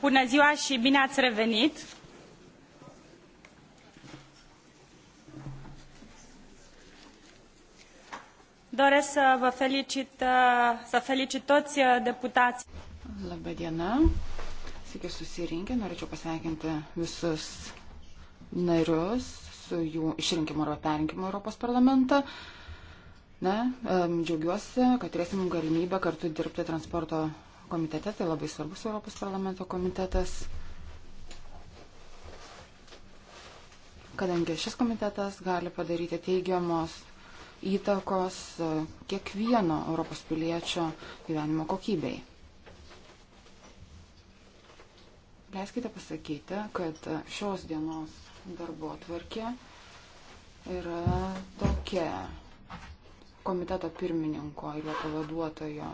Bună ziua și bine ați revenit! Doresc să vă felicit, uh, să felicit toți uh, deputații. Labai diena. Sveiki susirinkę. Norėčiau pasveikinti visus narius su jų išrinkimu arba perrinkimu Europos parlamentą. Na, džiaugiuosi, kad turėsim galimybę kartu dirbti transporto komitete, tai labai svarbus Europos parlamento komitetas. Kadangi šis komitetas gali padaryti teigiamos įtakos e, kiekvieno Europos piliečio gyvenimo kokybei. Leiskite pasakyti, kad šios dienos darbo tvarkė yra tokia komiteto pirmininko ir jo pavaduotojo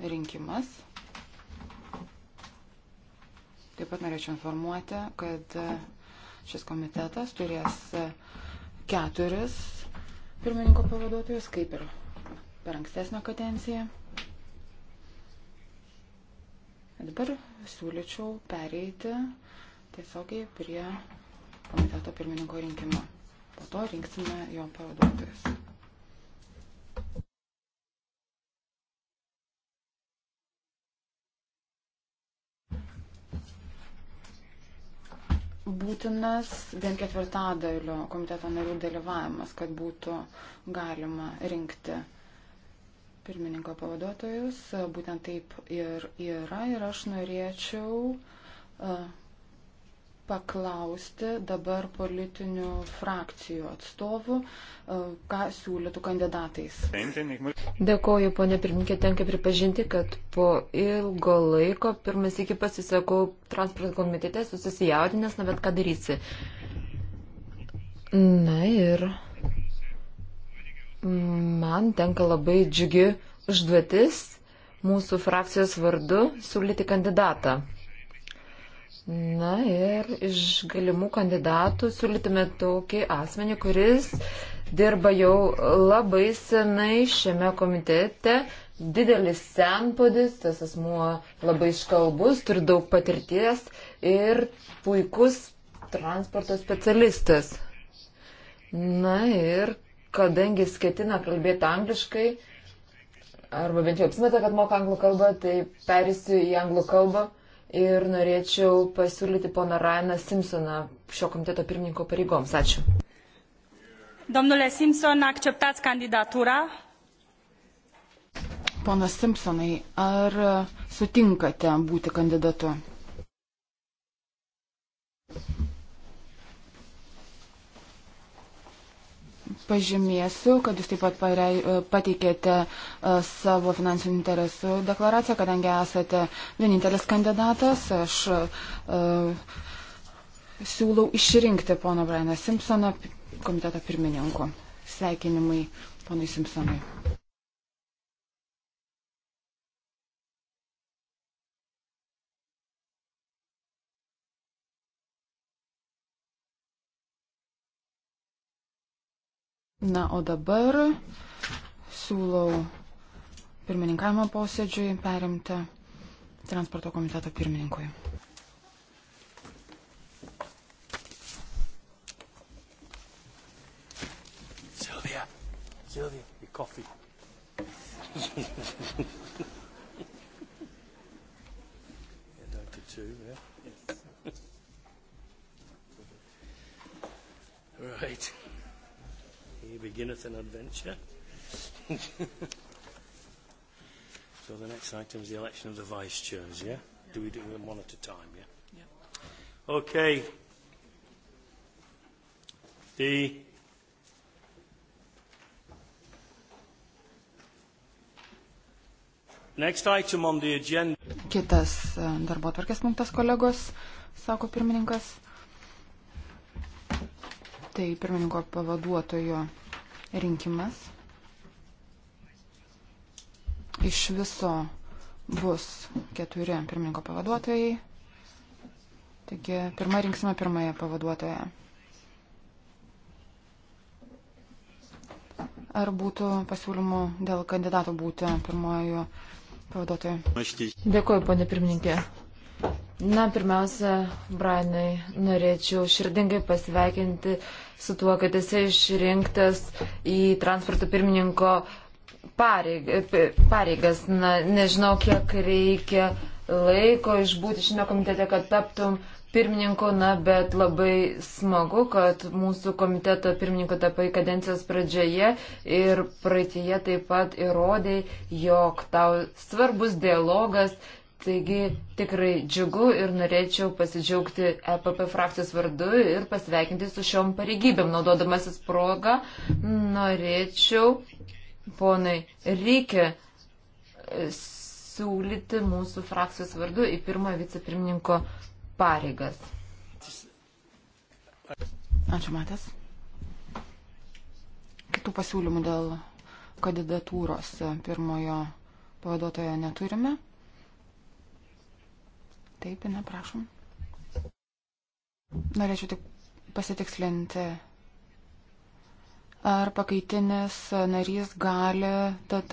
rinkimas. Taip pat norėčiau informuoti, kad šis komitetas turės keturis pirmininko pavaduotojus, kaip ir per ankstesnę kadenciją. Dabar siūlyčiau pereiti tiesiogiai prie komiteto pirmininko rinkimo. Po to rinksime jo pavaduotojus. būtinas bent ketvirtadalio komiteto narių dalyvavimas, kad būtų galima rinkti pirmininko pavaduotojus. Būtent taip ir yra ir aš norėčiau e, paklausti dabar politinių frakcijų atstovų, e, ką siūlytų kandidatais. Dėkoju, ponė pirmininkė, tenka pripažinti, kad po ilgo laiko pirmas iki pasisakau transporto komitete, susijaudinęs, na bet ką darysi. Na ir man tenka labai džiugi užduotis mūsų frakcijos vardu siūlyti kandidatą. Na ir iš galimų kandidatų siūlytume tokį asmenį, kuris dirba jau labai senai šiame komitete, didelis senpadis, tas asmuo labai iškalbus, turi daug patirties ir puikus transporto specialistas. Na ir kadangi jis ketina kalbėti angliškai, arba bent jau apsimeta, kad moka anglų kalbą, tai perėsiu į anglų kalbą ir norėčiau pasiūlyti poną Ryaną Simpsoną šio komiteto pirmininko pareigoms. Ačiū. Domnule Simpson, akceptați candidatura? Ponas Simpsonai, ar sutinkate būti kandidatu? pažymėsiu, kad jūs taip pat parei, e, pateikėte e, savo finansinių interesų deklaraciją, kadangi esate vienintelis kandidatas. Aš uh, siūlau išrinkti pono Brianą Simpsoną komiteto pirmininku. Sveikinimai ponui Simpsonui. Na, o dabar siūlau pirmininkavimo posėdžiui perimti transporto komiteto pirmininkui. Silvija, Silvija, į kofį. too, yeah? Yes. right he beginneth an adventure. so the next item is the election of the vice chairs, yeah? yeah. Do we do them one at a time, yeah? Yeah. Okay. The Next item on the agenda. Kitas e, darbo tvarkės punktas, kolegos, sako pirmininkas. Tai pirmininko pavaduotojo rinkimas iš viso bus keturi pirmininko pavaduotojai. Taigi pirmą rinksime pirmąją pavaduotoją. Ar būtų pasiūlymų dėl kandidato būti pirmojo pavaduotojo? Dėkuoju, ponė pirmininkė. Na, pirmiausia, Brainai, norėčiau širdingai pasveikinti su tuo, kad esi išrinktas į transporto pirmininko pareigas. Na, nežinau, kiek reikia laiko išbūti šiame komitete, kad taptum pirmininku, na, bet labai smagu, kad mūsų komiteto pirmininko tapai kadencijos pradžioje ir praeitie taip pat įrodė, jog tau svarbus dialogas Taigi tikrai džiugu ir norėčiau pasidžiaugti EPP frakcijos vardu ir pasveikinti su šiom pareigybėm. Naudodamasis progą, norėčiau ponai Rykė e, siūlyti mūsų frakcijos vardu į pirmą vicepirmininko pareigas. Ačiū, Matas. Kitų pasiūlymų dėl kandidatūros pirmojo pavaduotojo neturime. Taip, ne, prašom. Norėčiau tik pasitikslinti. Ar pakaitinis narys gali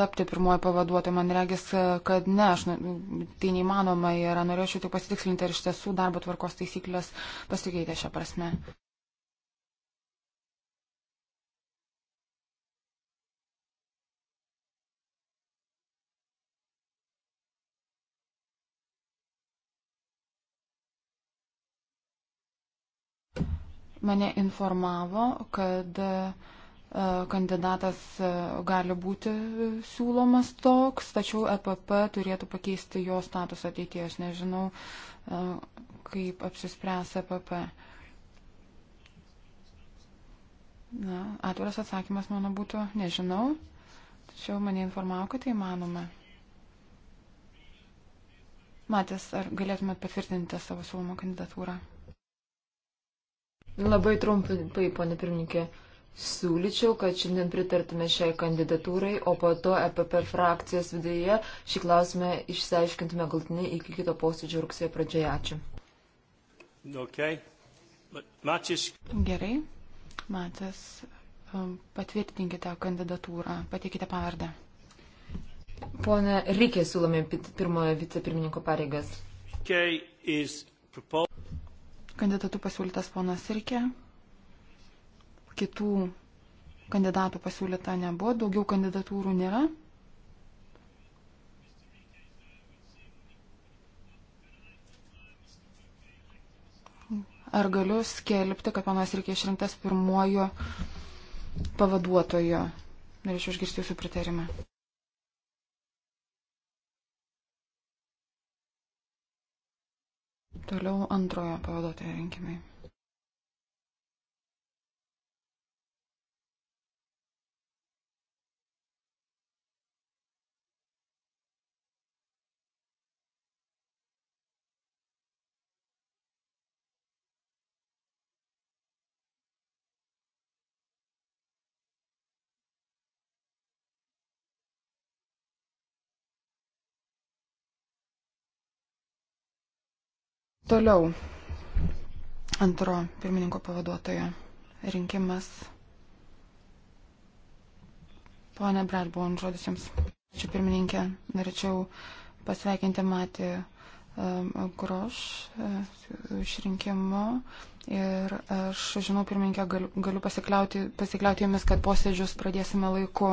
tapti pirmoji pavaduotoja? Man regis, kad ne, aš, nu, tai neįmanoma ir norėčiau tik pasitikslinti, ar iš tiesų darbo tvarkos taisyklės pasikeitė šią prasme. mane informavo, kad e, kandidatas e, gali būti siūlomas toks, tačiau EPP turėtų pakeisti jo status ateityje. Aš nežinau, e, kaip apsispręs EPP. Na, atviras atsakymas mano būtų, nežinau, tačiau mane informavo, kad tai manoma. Matės, ar galėtumėt patvirtinti savo siūlomą kandidatūrą? Labai trumpai, ponė pirmininkė, siūlyčiau, kad šiandien pritartume šiai kandidatūrai, o po to EPP frakcijos viduje šį klausimą išsiaiškintume galtinai iki kito posėdžio rugsėjo pradžioje. Ačiū. Okay. Matis... Gerai. Matas, um, patvirtinkite kandidatūrą, pateikite pavardę. Pone Rikė siūlome pirmojo vicepirmininko pareigas. Okay, is... Kandidatų pasiūlytas ponas Irke, kitų kandidatų pasiūlyta nebuvo, daugiau kandidatūrų nėra. Ar galiu skelbti, kad panas reikia išrinktas pirmuoju pavaduotoju? Norėčiau išgirsti jūsų pritarimą. Toliau antrojo pavaduotojo rinkimai. Toliau antro pirmininko pavaduotojo rinkimas. Pone Bradbon, žodis Jums. Ačiū pirmininkė. Norėčiau pasveikinti Matį um, Groš uh, išrinkimu. Ir aš žinau, pirmininkė, galiu, galiu pasikliauti, pasikliauti Jumis, kad posėdžius pradėsime laiku.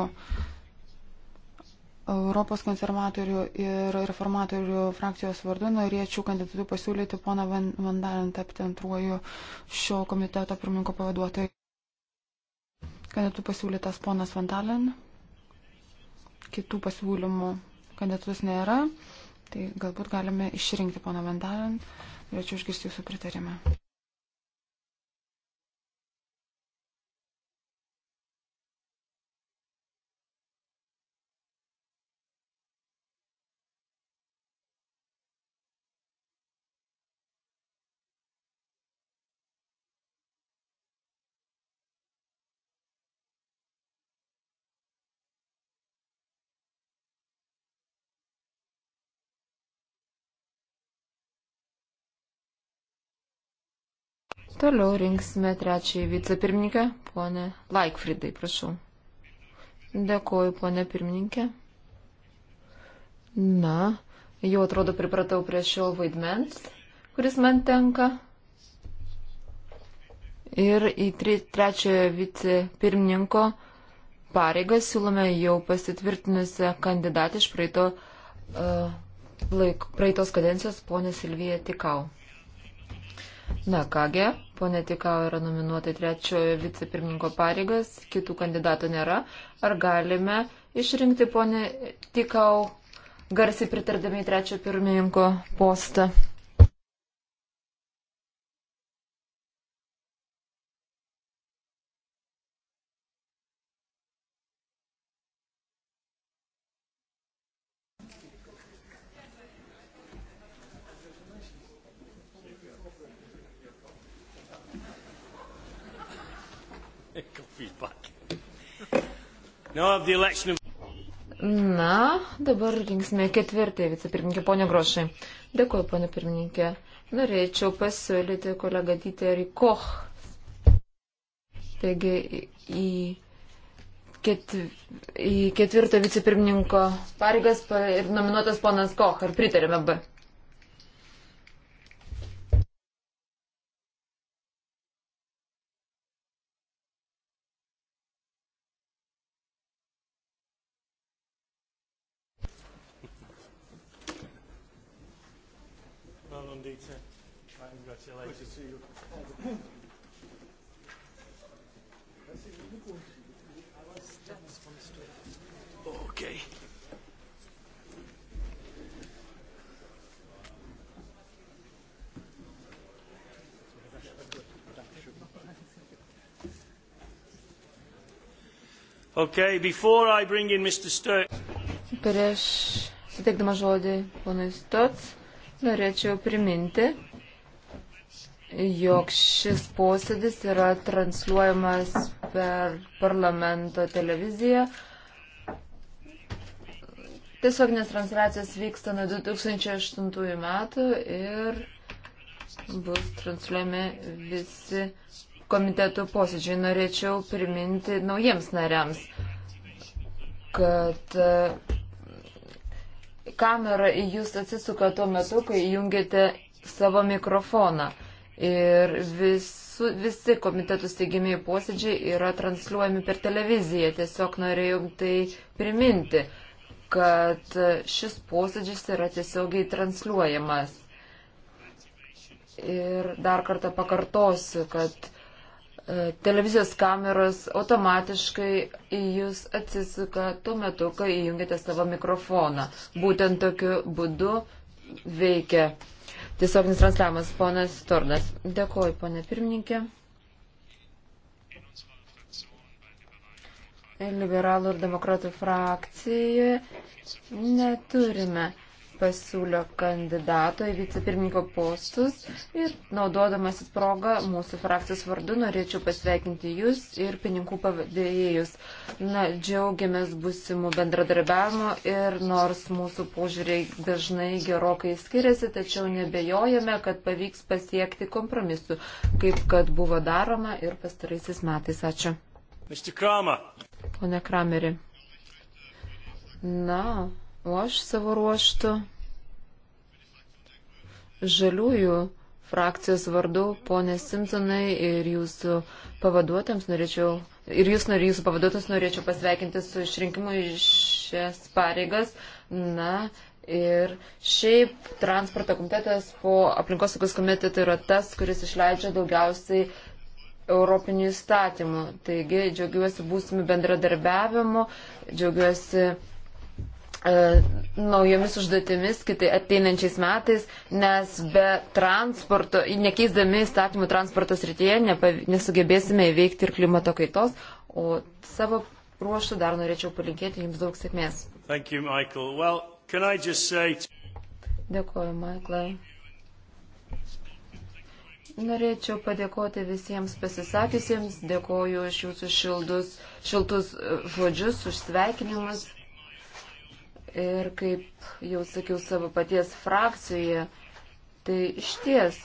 Europos konservatorių ir reformatorių frakcijos vardu norėčiau kandidatų pasiūlyti poną Van, Van Dalen tapti antruoju šio komiteto pirmininko pavaduotoju. Kandidatų pasiūlytas ponas Van Dalen. Kitų pasiūlymų kandidatus nėra. Tai galbūt galime išrinkti poną Van Dalen. Norėčiau išgirsti jūsų pritarimą. Toliau rinksime trečiąjį vicepirmininkę, ponę Laikfridai, prašau. Dėkuoju, ponė pirmininkė. Na, jau atrodo pripratau prie šio vaidmens, kuris man tenka. Ir į trečiojo vicepirmininko pareigą siūlome jau pasitvirtinusią kandidatę iš praeito, uh, laik, praeitos kadencijos ponę Silviją Tikau. Na kągi, Pone Tikau yra nominuota trečiojo vicepirmininko pareigas, kitų kandidatų nėra. Ar galime išrinkti ponę Tikau garsiai pritardami trečiojo pirmininko postą? Na, dabar rinksime ketvirtąją vicepirmininkę, ponė Grošai. Dėkuoju, ponė pirmininkė. Norėčiau pasiūlyti kolegą Dieterį Koch. Taigi į, ketv... į ketvirtą vicepirmininko pareigas ir nominuotas ponas Koch. Ar pritarėme B? Okay, before I bring in Mr. Sturts. Prieš suteikdama žodį ponui Sturts, norėčiau priminti, jog šis posėdis yra transliuojamas per parlamento televiziją. Tiesioginės transliacijos vyksta nuo 2008 metų ir bus transliuojami visi komitetų posėdžiai. Norėčiau priminti naujiems nariams, kad e, kamera į jūs atsisuka tuo metu, kai jungiate savo mikrofoną. Ir visu, visi komitetų steigimiai posėdžiai yra transliuojami per televiziją. Tiesiog norėjau tai priminti, kad šis posėdžis yra tiesiogiai transliuojamas. Ir dar kartą pakartosiu, kad E, televizijos kameros automatiškai į jūs atsisuka tuo metu, kai įjungiate savo mikrofoną. Būtent tokiu būdu veikia tiesioginis transliavimas. Ponas Tordas. Dėkuoju, ponė pirmininkė. Liberalų ir demokratų frakcijoje neturime pasiūlio kandidato į vicepirmininko postus ir naudodamasis progą mūsų frakcijos vardu norėčiau pasveikinti jūs ir pininkų pavadėjėjus. Na, džiaugiamės busimų bendradarbiavimo ir nors mūsų požiūriai dažnai gerokai skiriasi, tačiau nebejojame, kad pavyks pasiekti kompromisu, kaip kad buvo daroma ir pastaraisiais metais. Ačiū. Pone Krameri. Na. No. O aš savo ruoštų žaliųjų frakcijos vardu, ponė Simpsonai, ir jūsų pavaduotams norėčiau, ir jūs, ir jūsų pavaduotus norėčiau pasveikinti su išrinkimu iš šias pareigas. Na, ir šiaip transporto komitetas po aplinkosaugos komiteto tai yra tas, kuris išleidžia daugiausiai europinių įstatymų. Taigi, džiaugiuosi būsimų bendradarbiavimu, džiaugiuosi E, naujomis užduotimis kitai ateinančiais metais, nes be transporto, nekeisdami įstatymų transporto srityje, nesugebėsime įveikti ir klimato kaitos, o savo ruoštų dar norėčiau palinkėti jums daug sėkmės. You, Michael. Well, say... Dėkuoju, Michaelai. Norėčiau padėkoti visiems pasisakysiems, dėkoju už jūsų šildus, šiltus e, žodžius, už sveikinimus. Ir kaip jau sakiau savo paties frakcijoje, tai iš ties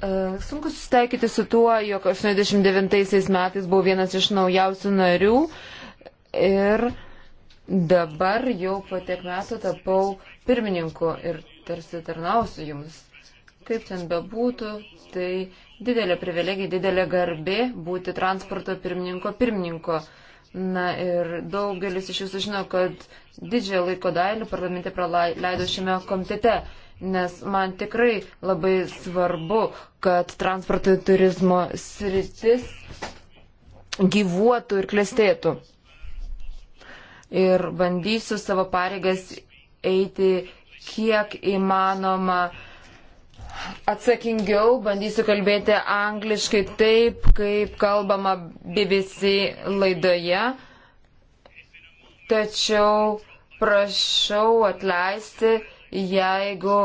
e, Sunku susitaikyti su tuo, jog 89 metais buvau vienas iš naujausių narių ir dabar jau po tiek metų tapau pirmininku ir tarsi tarnausiu jums. Kaip ten bebūtų, tai didelė privilegija, didelė garbė būti transporto pirmininko pirmininko. pirmininko Na ir daugelis iš jūsų žino, kad didžiąją laiko dalį parlamente praleido šiame komitete, nes man tikrai labai svarbu, kad transporto ir turizmo sritis gyvuotų ir klestėtų. Ir bandysiu savo pareigas eiti kiek įmanoma atsakingiau, bandysiu kalbėti angliškai taip, kaip kalbama BBC laidoje. Tačiau prašau atleisti, jeigu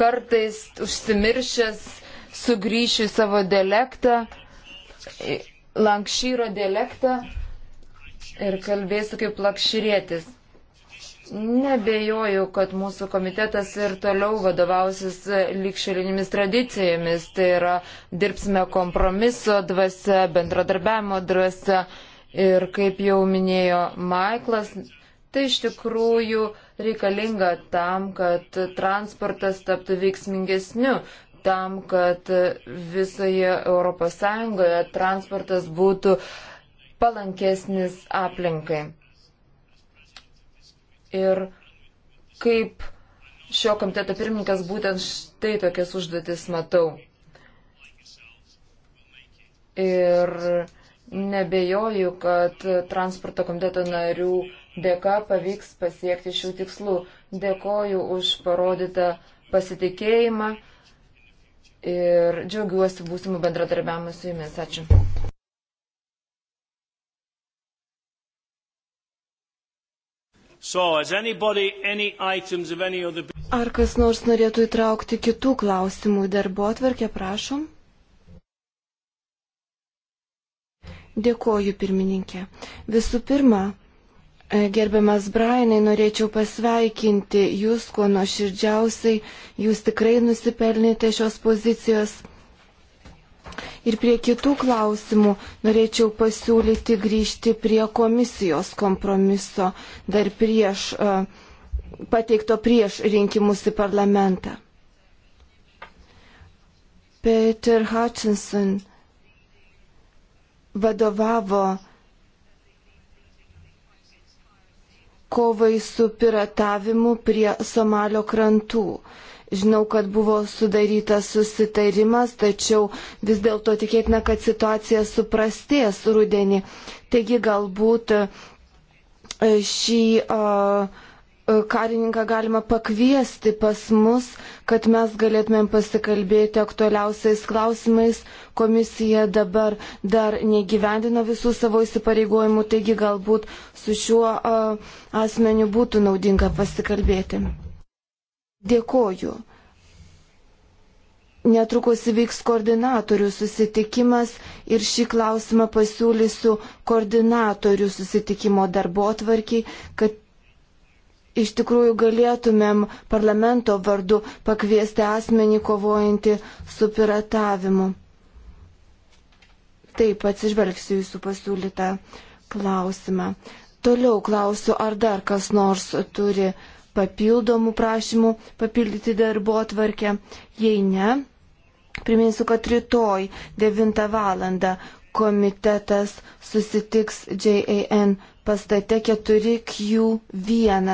kartais užsimiršęs sugrįšiu į savo dialektą, lankšyro dialektą ir kalbėsiu kaip lakšyrėtis. Nebejoju, kad mūsų komitetas ir toliau vadovausis likščialinėmis tradicijomis, tai yra dirbsime kompromiso dvasia, bendradarbiavimo dvasia ir kaip jau minėjo Maiklas, tai iš tikrųjų reikalinga tam, kad transportas taptų veiksmingesniu, tam, kad visoje ES transportas būtų palankesnis aplinkai ir kaip šio komiteto pirmininkas būtent štai tokias užduotis matau. Ir nebejoju, kad transporto komiteto narių dėka pavyks pasiekti šių tikslų. Dėkoju už parodytą pasitikėjimą ir džiaugiuosi būsimų bendradarbiavimų su jumis. Ačiū. So, anybody, any other... Ar kas nors norėtų įtraukti kitų klausimų į darbo atvarkę, prašom? Dėkoju, pirmininkė. Visų pirma, e, gerbiamas Brainai, norėčiau pasveikinti jūs, kuo nuoširdžiausiai, jūs tikrai nusipelnėte šios pozicijos. Ir prie kitų klausimų norėčiau pasiūlyti grįžti prie komisijos kompromiso dar prieš, e, pateikto prieš rinkimus į parlamentą. Peter Hutchinson vadovavo kovai su piratavimu prie Somalio krantų. Žinau, kad buvo sudarytas susitarimas, tačiau vis dėlto tikėtina, kad situacija suprastės rudenį. Taigi galbūt e, šį e, karininką galima pakviesti pas mus, kad mes galėtumėm pasikalbėti aktualiausiais klausimais. Komisija dabar dar negyvendino visų savo įsipareigojimų, taigi galbūt su šiuo asmeniu būtų naudinga pasikalbėti. Dėkoju. Netrukus vyks koordinatorių susitikimas ir šį klausimą pasiūlysiu koordinatorių susitikimo darbo tvarkiai, kad iš tikrųjų galėtumėm parlamento vardu pakviesti asmenį kovojantį su piratavimu. Taip, atsižvelgsiu jūsų pasiūlytą klausimą. Toliau klausiu, ar dar kas nors turi papildomų prašymų papildyti darbo atvarkę. Jei ne, priminsiu, kad rytoj 9 val. komitetas susitiks JAN pastate 4Q1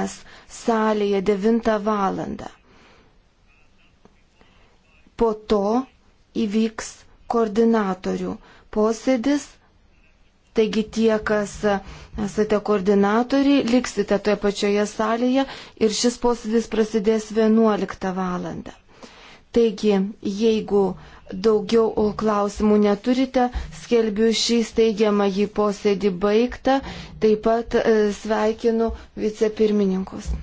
salėje 9 val. Po to įvyks koordinatorių posėdis Taigi tie, kas esate koordinatoriai, liksite toje pačioje salėje ir šis posėdis prasidės 11 val. Taigi, jeigu daugiau klausimų neturite, skelbiu šį steigiamą jį posėdį baigtą, taip pat e, sveikinu vicepirmininkus.